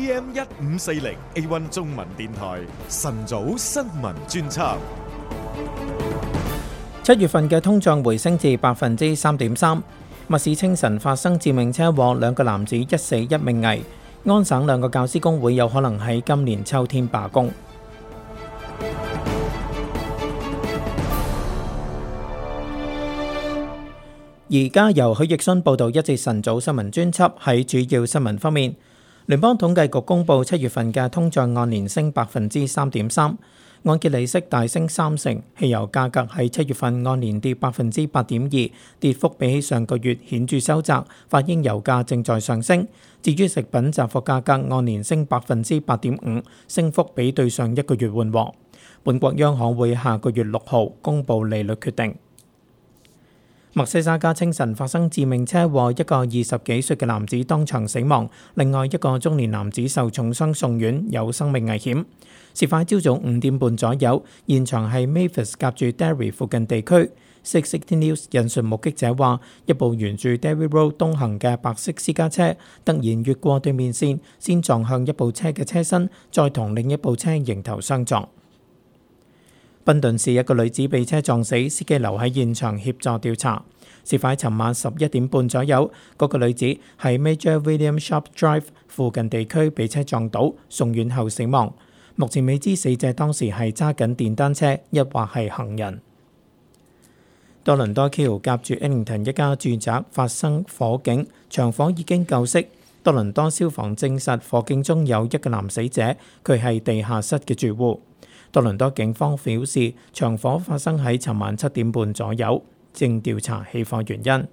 AM 一五四零 A One 中文電台晨早新聞專輯，七月份嘅通脹回升至百分之三點三。密市清晨發生致命車禍，兩個男子一死一命危。安省兩個教師工會有可能喺今年秋天罷工。而家由許奕迅報道，一節晨早新聞專輯喺主要新聞方面。聯邦統計局公布七月份嘅通脹按年升百分之三點三，按揭利息大升三成，汽油價格喺七月份按年跌百分之八點二，跌幅比起上個月顯著收窄。法英油價正在上升，至於食品雜貨價格按年升百分之八點五，升幅比對上一個月緩和。本國央行會下個月六號公布利率決定。莫西沙加清晨發生致命車禍，一個二十幾歲嘅男子當場死亡，另外一個中年男子受重傷送院，有生命危險。事發朝早五點半左右，現場係 Mavis 夾住 Derry 附近地區。660 News 引述目擊者話，一部沿住 Derry Road 東行嘅白色私家車，突然越過對面線，先撞向一部車嘅車身，再同另一部車迎頭相撞。溫頓市一個女子被車撞死，司機留喺現場協助調查。事發喺尋晚十一點半左右，嗰、那個女子喺 Major William Sharp Drive 附近地區被車撞倒，送院後死亡。目前未知死者當時係揸緊電單車，一或係行人。多倫多橋夾住 Eglinton g 一家住宅發生火警，長房已經救熄。多倫多消防證實火警中有一個男死者，佢係地下室嘅住戶。多倫多警方表示，場火發生喺尋晚七點半左右，正調查起火原因。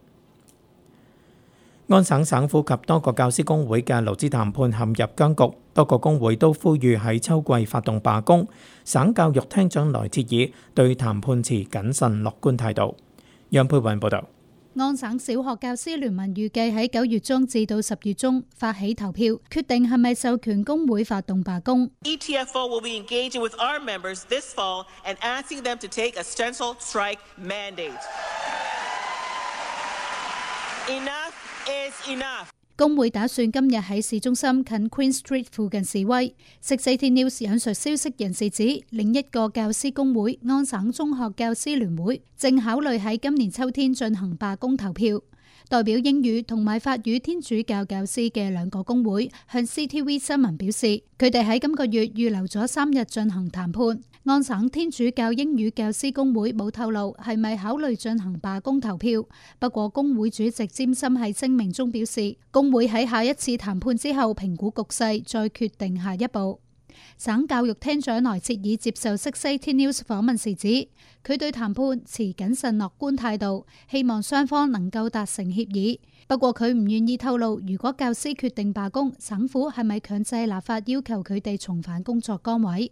安省省府及多個教師工會嘅勞資談判陷入僵局，多個工會都呼籲喺秋季發動罷工。省教育廳長萊切爾對談判持謹慎樂觀態度。楊佩雲報道。安省小學教師聯盟預計喺九月中至到十月中發起投票，決定係咪授權工會發動罷工。工會打算今日喺市中心近 Queen Street 附近示威。《食肆天 news》引述消息人士指，另一個教師工會安省中學教師聯會正考慮喺今年秋天進行罷工投票。代表英語同埋法語天主教教師嘅兩個工會向 CTV 新聞表示，佢哋喺今個月預留咗三日進行談判。安省天主教英語教師工會冇透露係咪考慮進行罷工投票。不過工會主席詹森喺聲明中表示，工會喺下一次談判之後評估局勢再決定下一步。省教育廳長奈切爾接受《CTV News》訪問時指，佢對談判持謹慎樂觀態度，希望雙方能夠達成協議。不過佢唔願意透露，如果教師決定罷工，省府係咪強制立法要求佢哋重返工作崗位。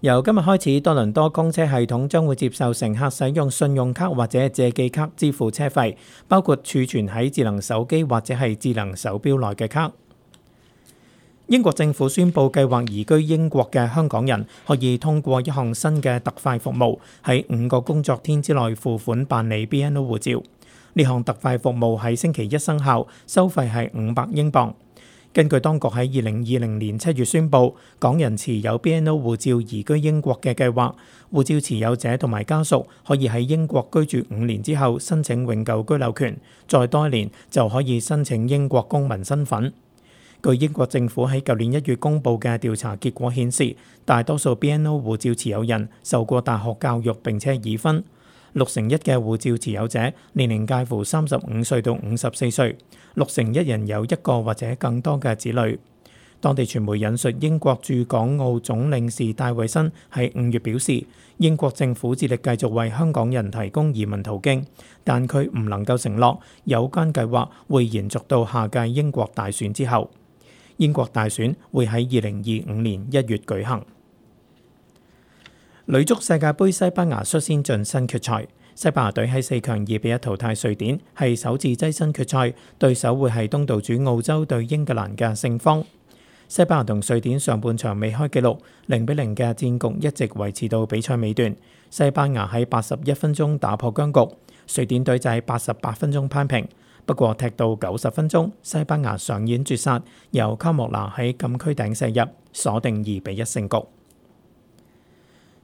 由今日開始，多倫多公車系統將會接受乘客使用信用卡或者借記卡支付車費，包括儲存喺智能手機或者係智能手錶內嘅卡。英國政府宣布，計劃移居英國嘅香港人，可以通過一項新嘅特快服務，喺五個工作天之內付款辦理 BNO 護照。呢項特快服務喺星期一生效，收費係五百英鎊。根據當局喺二零二零年七月宣布，港人持有 BNO 護照移居英國嘅計劃，護照持有者同埋家屬可以喺英國居住五年之後申請永久居留權，再多一年就可以申請英國公民身份。據英國政府喺舊年一月公布嘅調查結果顯示，大多數 BNO 護照持有人受過大學教育並且已婚。六成一嘅護照持有者，年齡介乎三十五歲到五十四歲，六成一人有一個或者更多嘅子女。當地傳媒引述英國駐港澳總領事戴衛新喺五月表示，英國政府致力繼續為香港人提供移民途徑，但佢唔能夠承諾有關計劃會延續到下屆英國大選之後。英國大選會喺二零二五年一月舉行。女足世界杯西班牙率先晉身決賽，西班牙隊喺四強二比一淘汰瑞典，係首次躋身決賽，對手會係東道主澳洲對英格蘭嘅勝方。西班牙同瑞典上半場未開紀錄，零比零嘅戰局一直維持到比賽尾段。西班牙喺八十一分鐘打破僵局，瑞典隊就喺八十八分鐘扳平，不過踢到九十分鐘，西班牙上演絕殺，由卡莫拿喺禁區頂射入，鎖定二比一勝局。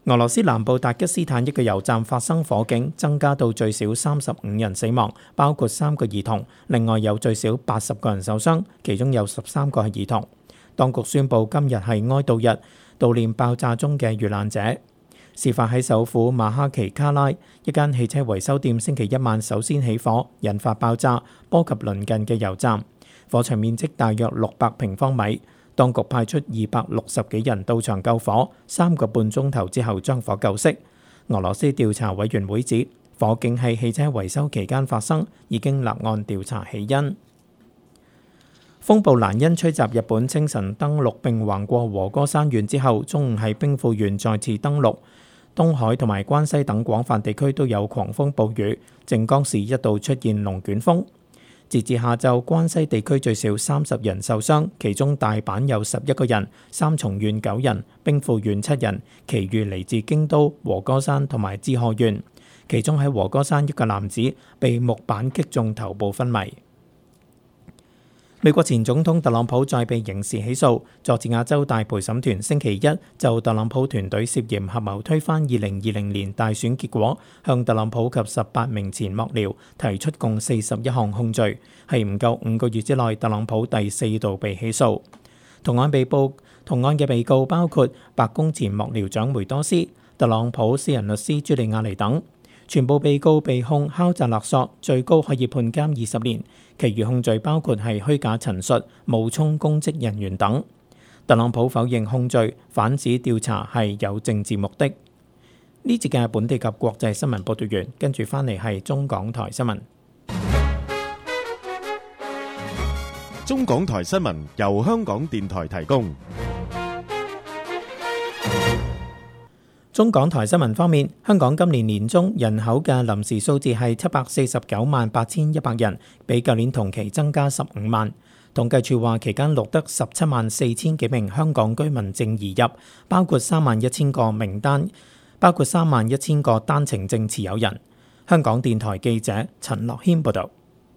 俄羅斯南部達吉斯坦一個油站發生火警，增加到最少三十五人死亡，包括三個兒童；另外有最少八十個人受傷，其中有十三個係兒童。當局宣布今日係哀悼日，悼念爆炸中嘅遇難者。事發喺首府馬哈奇卡拉，一間汽車維修店星期一晚首先起火，引發爆炸，波及鄰近嘅油站。火場面積大約六百平方米。當局派出二百六十幾人到場救火，三個半鐘頭之後將火救熄。俄羅斯調查委員會指火警係汽車維修期間發生，已經立案調查起因。風暴蘭因吹襲日本，清晨登陸並橫過和歌山縣之後，中午喺兵庫縣再次登陸，東海同埋關西等廣泛地區都有狂風暴雨，靜岡市一度出現龍捲風。截至下晝，關西地區最少三十人受傷，其中大阪有十一個人，三重縣九人，兵庫縣七人，其餘嚟自京都和歌山同埋滋賀縣。其中喺和歌山，一個男子被木板擊中頭部昏迷。美國前總統特朗普再被刑事起訴。佐治亞州大陪審團星期一就特朗普團隊涉嫌合謀推翻二零二零年大選結果，向特朗普及十八名前幕僚提出共四十一項控罪，係唔夠五個月之內特朗普第四度被起訴。同案被捕同案嘅被告包括白宮前幕僚長梅多斯、特朗普私人律師朱利亞尼等，全部被告被控敲詐勒索，最高可以判監二十年。其餘控罪包括係虛假陳述、冒充公職人員等。特朗普否認控罪，反指調查係有政治目的。呢節嘅本地及國際新聞報道完，跟住翻嚟係中港台新聞。中港台新聞由香港電台提供。中港台新聞方面，香港今年年中人口嘅臨時數字係七百四十九萬八千一百人，比舊年同期增加十五萬。統計處話期間錄得十七萬四千幾名香港居民證移入，包括三萬一千個名單，包括三萬一千個單程證持有人。香港電台記者陳樂謙報導。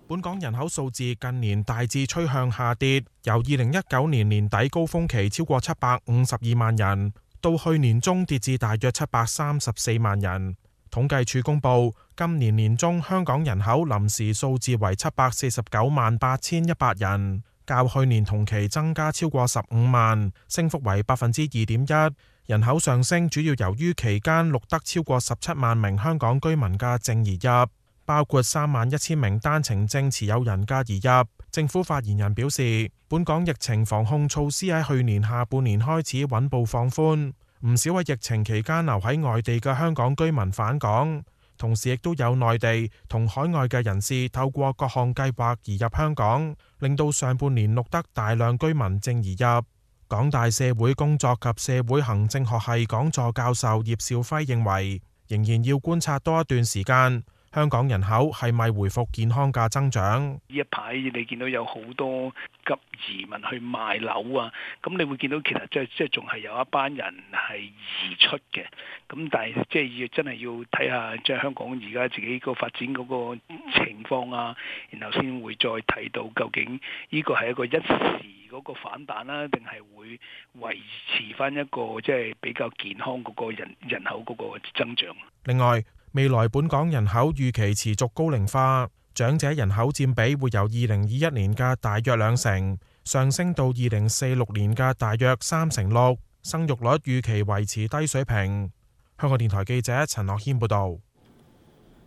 本港人口數字近年大致趨向下跌，由二零一九年年底高峰期超過七百五十二萬人。到去年中跌至大約七百三十四萬人。統計處公佈，今年年中香港人口臨時數字為七百四十九萬八千一百人，較去年同期增加超過十五萬，升幅為百分之二點一。人口上升主要由於期間錄得超過十七萬名香港居民嘅淨移入，包括三萬一千名單程證持有人嘅移入。政府發言人表示，本港疫情防控措施喺去年下半年開始穩步放寬，唔少喺疫情期間留喺外地嘅香港居民返港，同時亦都有內地同海外嘅人士透過各項計劃移入香港，令到上半年錄得大量居民淨移入。港大社會工作及社會行政學系講座教授葉兆輝認為，仍然要觀察多一段時間。香港人口係咪回復健康嘅增長？呢一排你見到有好多急移民去賣樓啊，咁你會見到其實即係即係仲係有一班人係移出嘅，咁但係即係要真係要睇下即係香港而家自己個發展嗰個情況啊，然後先會再睇到究竟呢個係一個一時嗰個反彈啦，啊，定係會維持翻一個即係比較健康嗰個人人口嗰個增長。另外。未來本港人口預期持續高齡化，長者人口占比會由二零二一年嘅大約兩成上升到二零四六年嘅大約三成六，生育率預期維持低水平。香港電台記者陳樂謙報道。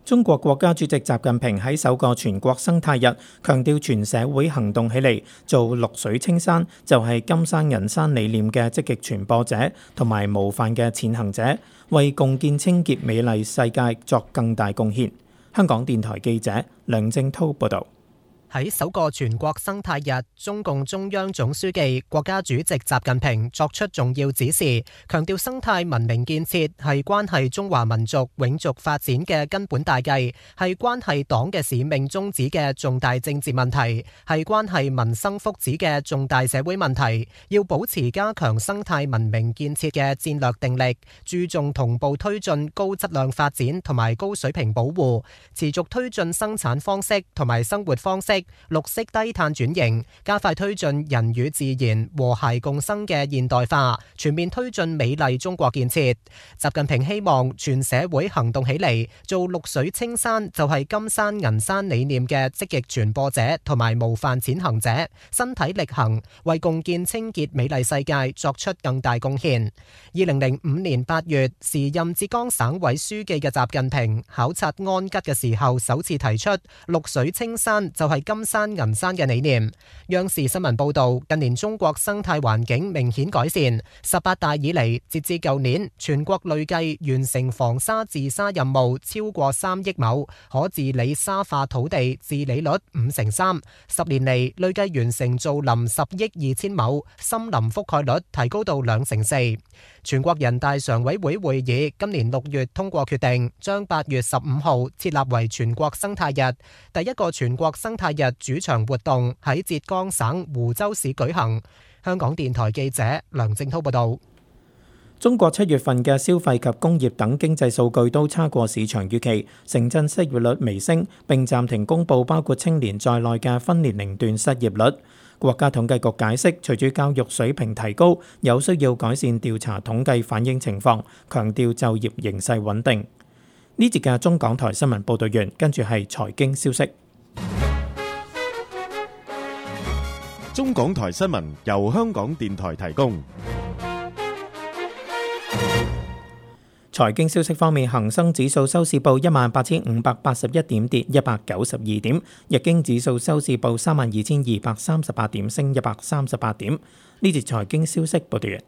中國國家主席習近平喺首個全國生態日強調，全社會行動起嚟，做綠水青山就係、是、金山銀山理念嘅積極傳播者同埋模範嘅踐行者，為共建清潔美麗世界作更大貢獻。香港電台記者梁正濤報道。喺首個全國生態日，中共中央總書記、國家主席習近平作出重要指示，強調生態文明建設係關係中華民族永續發展嘅根本大計，係關係黨嘅使命宗旨嘅重大政治問題，係關係民生福祉嘅重大社會問題。要保持加強生態文明建設嘅戰略定力，注重同步推進高質量發展同埋高水平保護，持續推進生產方式同埋生活方式，綠色低碳轉型，加快推進人與自然和諧共生嘅現代化，全面推進美麗中國建設。習近平希望全社會行動起嚟，做綠水青山就係金山銀山理念嘅積極傳播者同埋模範踐行者，身體力行，為共建清潔美麗世界作出更大貢獻。二零零五年八月，時任浙江省委書記嘅習近平考察安吉嘅時候，首次提出綠水青山就係。金山銀山嘅理念。央視新聞報道，近年中國生態環境明顯改善。十八大以嚟，截至舊年，全國累計完成防沙治沙任務超過三億畝，可治理沙化土地治理率五成三。十年嚟，累計完成造林十億二千畝，森林覆蓋率提高到兩成四。全國人大常委會會議今年六月通過決定，將八月十五號設立為全國生態日，第一個全國生態日。日主場活動喺浙江省湖州市舉行。香港電台記者梁正濤報導，中國七月份嘅消費及工業等經濟數據都差過市場預期，城鎮失業率微升，並暫停公佈包括青年在內嘅分年齡段失業率。國家統計局解釋，隨住教育水平提高，有需要改善調查統計反映情況，強調就業形勢穩定。呢節嘅中港台新聞報導完，跟住係財經消息。中港台新聞由香港電台提供。財經消息方面，恒生指數收市報一萬八千五百八十一點，跌一百九十二點；日經指數收市報三萬二千二百三十八點，升一百三十八點。呢節財經消息報道完。